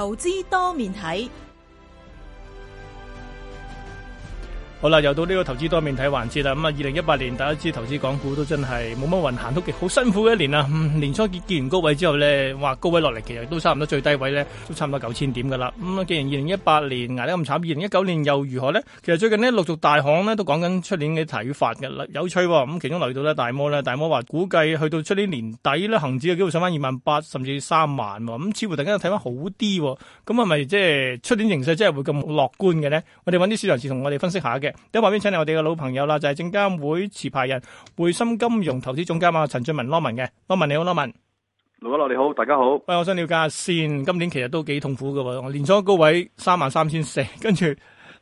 投資多面睇。好啦，又到呢個投資多面睇環節啦。咁啊，二零一八年大家知投資港股都真係冇乜運行，都幾好辛苦嘅一年啦、嗯。年初見見完高位之後咧，話高位落嚟，其實都差唔多最低位咧，都差唔多九千點噶啦。咁、嗯、啊，既然二零一八年捱得咁慘，二零一九年又如何咧？其實最近呢，陸續大行咧都講緊出年嘅睇法嘅啦，有趣、哦。咁其中嚟到咧大摩咧，大摩話估計去到出年年底咧，恒指嘅機會上翻二萬八，甚至三萬、哦。咁、嗯、似乎突然間睇翻好啲、哦，咁係咪即係出年形勢真係會咁樂觀嘅咧？我哋揾啲專業人士同我哋分析下嘅。喺旁邊請嚟我哋嘅老朋友啦，就係、是、證監會持牌人匯心金融投資總監啊，陳俊文，羅文嘅，羅文你好，羅文，盧家樂你好，大家好。喂，我想了解下先，今年其實都幾痛苦？噶，我年初高位三萬三千四，跟住。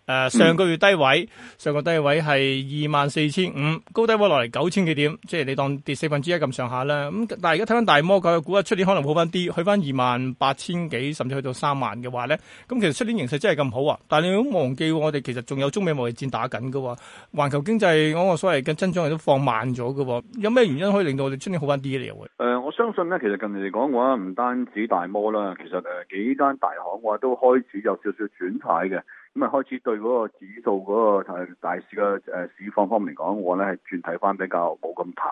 誒、呃、上個月低位，上個低位係二萬四千五，高低位落嚟九千幾點，即係你當跌四分之一咁上下啦。咁但係而家睇翻大摩佢估計出年可能好翻啲，去翻二萬八千幾，甚至去到三萬嘅話咧，咁其實出年形勢真係咁好啊！但你唔好忘記，我哋其實仲有中美貿易戰打緊㗎喎，環球經濟嗰個所謂嘅增長亦都放慢咗㗎喎，有咩原因可以令到我哋出年好翻啲嚟嘅？誒、呃，我相信咧，其實近期嚟講嘅話，唔單止大摩啦，其實、呃、幾間大行嘅話都開始有少少轉態嘅。咁啊，開始對嗰個指數嗰個大市嘅誒市況方面嚟講，我咧係轉睇翻比較冇咁淡，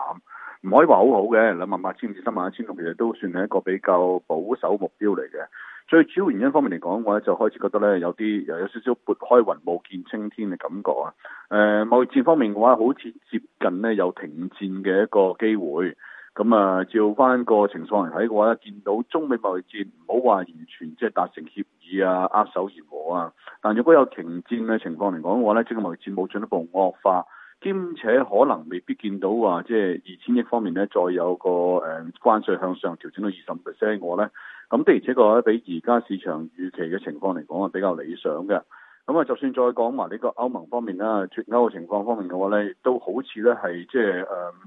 唔可以話好好嘅兩萬八千五至三萬一千六，其實都算係一個比較保守目標嚟嘅。所以主要原因方面嚟講，我咧就開始覺得咧有啲又有少少撥開雲霧見青天嘅感覺啊。誒、呃，貿易戰方面嘅話，好似接近呢有停戰嘅一個機會。咁啊，照翻個情況嚟睇嘅話咧，見到中美貿易戰唔好話完全即係達成協議啊，握手言和啊。但如果有停戰嘅情況嚟講嘅話咧，即係貿易戰冇進一步惡化，兼且可能未必見到話即係二千億方面咧，再有個誒、呃、關稅向上調整到二十五 percent 嘅話咧，咁的而且確咧，比而家市場預期嘅情況嚟講係比較理想嘅。咁啊，就算再講埋呢個歐盟方面啦，脫歐嘅情況方面嘅話咧，都好似咧係即係誒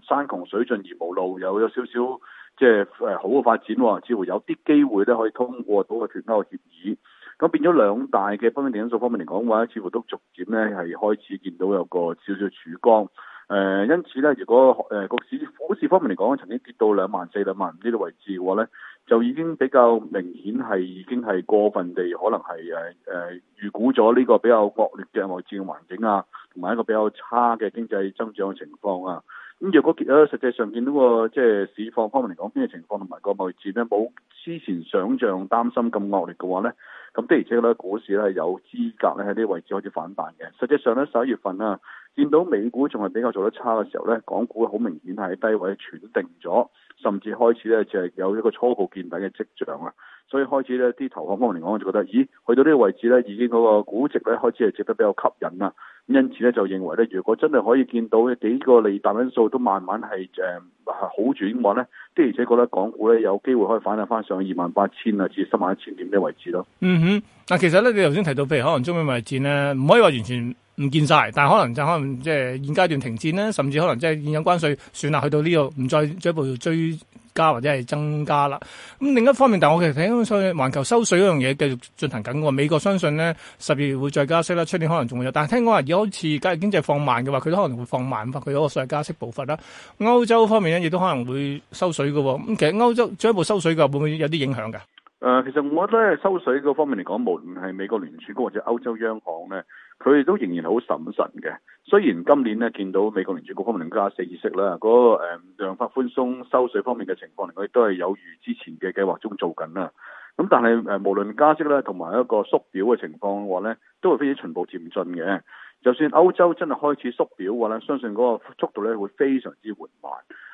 山窮水盡而無路，有咗少少即係誒好嘅發展喎，似乎有啲機會咧可以通過到個脫歐嘅協議。咁變咗兩大嘅風險因素方面嚟講嘅話，似乎都逐漸咧係開始見到有個少少曙光。誒、呃，因此咧，如果誒、呃、市股市方面嚟講，曾經跌到兩萬四、兩萬呢啲位置嘅話咧，就已經比較明顯係已經係過分地可能係誒預估咗呢個比較惡劣嘅外展環境啊，同埋一個比較差嘅經濟增長嘅情況啊。咁、嗯、若果其實實際上見到、這個即係市況方面嚟講，況呢個情況同埋個外展咧冇之前想象擔心咁惡劣嘅話咧，咁的而且確咧，股市咧有資格咧喺呢個位置開始反彈嘅。實際上咧，十一月份啊。見到美股仲係比較做得差嘅時候呢，港股好明顯係低位喘定咗，甚至開始呢就係有一個初步見底嘅跡象啊。所以開始咧，啲投行方面嚟講，我就覺得，咦，去到呢個位置咧，已經嗰個估值咧，開始係值得比較吸引啦。因此咧，就認為咧，如果真係可以見到幾個利淡因素都慢慢係誒、呃、好轉嘅話咧，的而且確咧，港股咧有機會可以反彈翻上二萬八千啊至三萬一千點嘅位置咯。嗯哼，嗱、啊，其實咧，你頭先提到譬如可能中美貿易戰咧，唔可以話完全唔見晒，但係可能就可能即係現階段停戰啦，甚至可能即係現有關稅算啦，去到呢度唔再進一步追。追加或者係增加啦。咁另一方面，但係我其實聽講，所以環球收水嗰樣嘢繼續進行緊嘅。美國相信咧，十二月會再加息啦，出年可能仲會有。但係聽講話，如果次經濟放慢嘅話，佢都可能會放慢翻佢嗰個再加息步伐啦。歐洲方面咧，亦都可能會收水嘅。咁其實歐洲進一步收水嘅，會唔會有啲影響㗎？誒，其實我覺得收水嗰方面嚟講，無論係美國聯儲局或者歐洲央行咧，佢哋都仍然好審慎嘅。雖然今年咧見到美國聯儲局方面能夠加息式啦，嗰、那個、嗯、量化寬鬆收水方面嘅情況，能夠亦都係有如之前嘅計劃中做緊啦。咁但係無論加息咧同埋一個縮表嘅情況嘅話咧，都會非常循步漸進嘅。就算歐洲真係開始縮表嘅話咧，相信嗰個速度咧會非常之緩慢。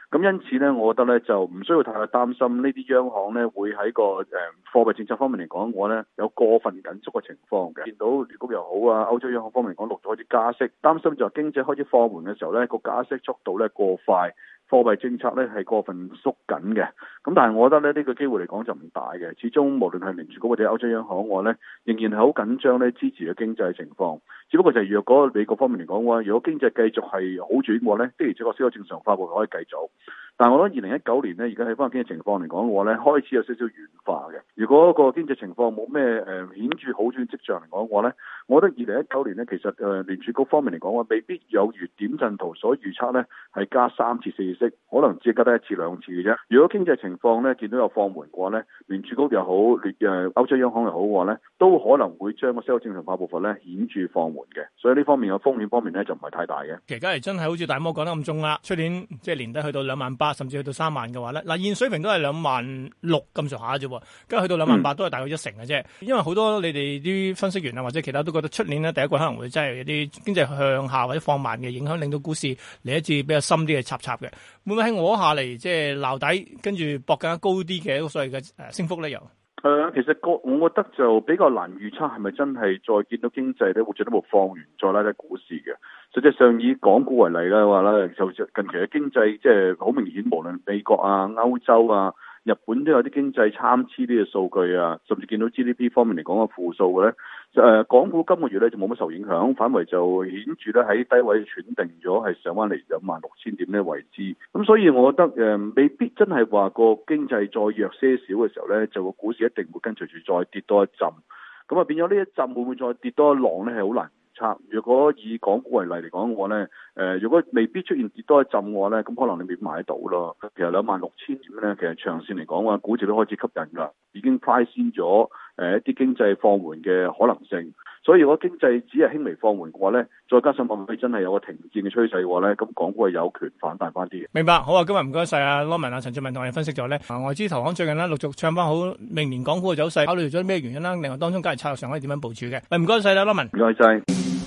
咁因此咧，我覺得咧就唔需要太過擔心呢啲央行咧會喺個誒貨幣政策方面嚟講，我咧有過分緊縮嘅情況嘅，見到美國又好啊，歐洲央行方面講陸續開始加息。擔心就係經濟開始放緩嘅時候咧，個加息速度咧過快。貨幣政策咧係過分縮緊嘅，咁但係我覺得咧呢個機會嚟講就唔大嘅，始終無論係聯儲局或者歐洲央行外咧，仍然係好緊張咧支持嘅經濟情況。只不過就係若果美國方面嚟講嘅話，如果經濟繼續係好轉嘅話咧，的而且確先有正常化嘅可以繼續。但係我覺得二零一九年呢，而家睇翻經濟情況嚟講嘅話咧，開始有少少軟化嘅。如果個經濟情況冇咩誒顯著好轉跡象嚟講嘅話咧，我覺得二零一九年呢，其實誒聯儲局方面嚟講嘅話，未必有如點陣圖所預測咧係加三至四。可能只加得一次兩次嘅啫。如果經濟情況咧見到有放緩嘅話咧，聯儲局又好，誒歐洲央行又好嘅話咧，都可能會將個收正常化步伐咧顯著放緩嘅。所以呢方面嘅風險方面咧就唔係太大嘅。其而家係真係好似大摩講得咁中啦。出年即係、就是、年底去到兩萬八，甚至去到三萬嘅話咧，嗱、呃、現水平都係兩萬六咁上下啫，跟住去到兩萬八都係大約一成嘅啫、嗯。因為好多你哋啲分析員啊，或者其他都覺得出年咧第一個可能會真係有啲經濟向下或者放慢嘅影響，令到股市嚟一次比較深啲嘅插插嘅。會唔會喺我下嚟，即係底，跟住搏更加高啲嘅所謂嘅誒升幅咧？又、呃、誒，其實個我覺得就比較難預測，係咪真係再見到經濟咧活著得冇放完，再拉低股市嘅？實際上以港股為例咧，話咧就近期嘅經濟即係好明顯，無論美國啊、歐洲啊。日本都有啲經濟參差啲嘅數據啊，甚至見到 GDP 方面嚟講個負數嘅呢。港股今個月呢就冇乜受影響，反為就顯著咧喺低位喘定咗，係上翻嚟兩萬六千點呢個位置。咁所以我覺得未必真係話個經濟再弱些少嘅時候呢，就個股市一定會跟隨住再跌多一陣。咁啊，變咗呢一陣會唔會再跌多一浪呢？係好難。如果以港股為例嚟講嘅話呢，咧，誒，如果未必出現跌多一陣嘅話呢，咧，咁可能你未買到咯。其實兩萬六千點咧，其實長線嚟講嘅話，股市都開始吸引㗎，已經 price in 咗誒一啲經濟放緩嘅可能性。所以如果經濟只係輕微放緩嘅話咧，再加上物價真係有個停滯嘅趨勢嘅話咧，咁港股係有權反彈翻啲嘅。明白，好啊，今日唔該晒啊，羅文啊，陳俊文同我哋分析咗咧，外資投行最近咧陸續唱翻好明年港股嘅走勢，考慮咗咩原因啦？另外當中假如策略上可以點樣部署嘅？唔該曬啦，羅文，唔該晒。